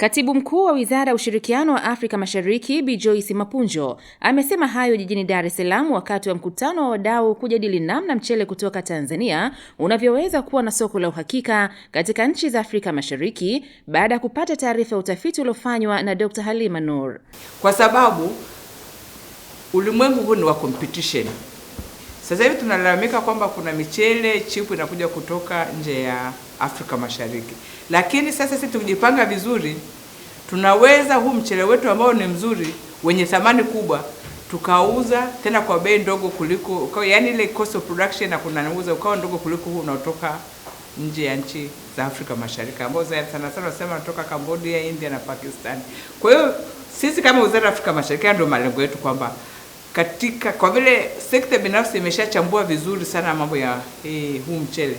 Katibu Mkuu wa Wizara ya Ushirikiano wa Afrika Mashariki, Bi Joyce Mapunjo, amesema hayo jijini Dar es Salaam wakati wa mkutano wa wadau kujadili namna mchele kutoka Tanzania unavyoweza kuwa na soko la uhakika katika nchi za Afrika Mashariki baada ya kupata taarifa ya utafiti uliofanywa na Dr. Halima Noor. Kwa sababu ulimwengu huu ni wa competition. Sasa hivi tunalalamika kwamba kuna michele chipu inakuja kutoka nje ya Afrika Mashariki, lakini sasa sisi tukijipanga vizuri, tunaweza huu mchele wetu ambao ni mzuri wenye thamani kubwa tukauza tena kwa bei ndogo kuliko kwa, yani ile cost of production na kuna nauza ukawa ndogo kuliko huu unaotoka nje ya nchi za Afrika Mashariki ambao sana sana wasema kutoka Cambodia, India na Pakistan. Kwa hiyo sisi kama Wizara ya Afrika Mashariki, ndio malengo yetu kwamba katika kwa vile sekta binafsi imeshachambua vizuri sana mambo ya hey, eh, huu mchele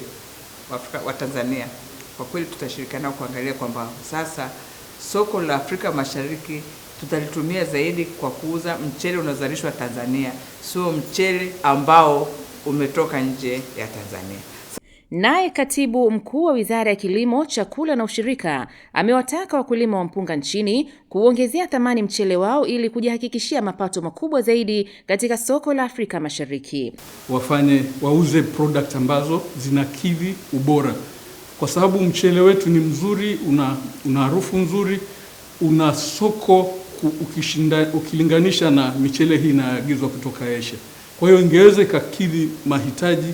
wa Afrika, wa Tanzania kwa kweli tutashirikiana kuangalia kwamba sasa soko la Afrika Mashariki tutalitumia zaidi kwa kuuza mchele unaozalishwa Tanzania, sio mchele ambao umetoka nje ya Tanzania. Naye katibu mkuu wa wizara ya Kilimo, Chakula na Ushirika amewataka wakulima wa mpunga nchini kuongezea thamani mchele wao ili kujihakikishia mapato makubwa zaidi katika soko la Afrika Mashariki. Wafanye wauze product ambazo zinakidhi ubora, kwa sababu mchele wetu ni mzuri, una una harufu nzuri, una soko ukishinda, ukilinganisha na michele hii inaagizwa kutoka Asia. Kwa hiyo ingeweza ikakidhi mahitaji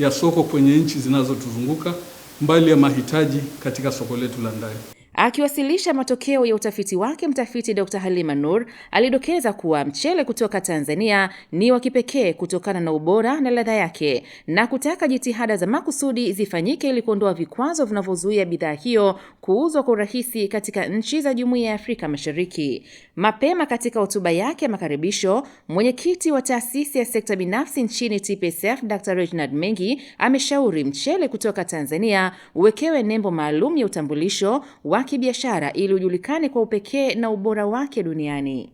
ya soko kwenye nchi zinazotuzunguka mbali ya mahitaji katika soko letu la ndani. Akiwasilisha matokeo ya utafiti wake, mtafiti Dr. Halima Nur alidokeza kuwa mchele kutoka Tanzania ni wa kipekee kutokana na ubora na ladha yake na kutaka jitihada za makusudi zifanyike ili kuondoa vikwazo vinavyozuia bidhaa hiyo kuuzwa kwa urahisi katika nchi za Jumuiya ya Afrika Mashariki. Mapema katika hotuba yake ya makaribisho, mwenyekiti wa taasisi ya sekta binafsi nchini TPSF, Dr. Reginald Mengi ameshauri mchele kutoka Tanzania uwekewe nembo maalum ya utambulisho kibiashara ili ujulikane kwa upekee na ubora wake duniani.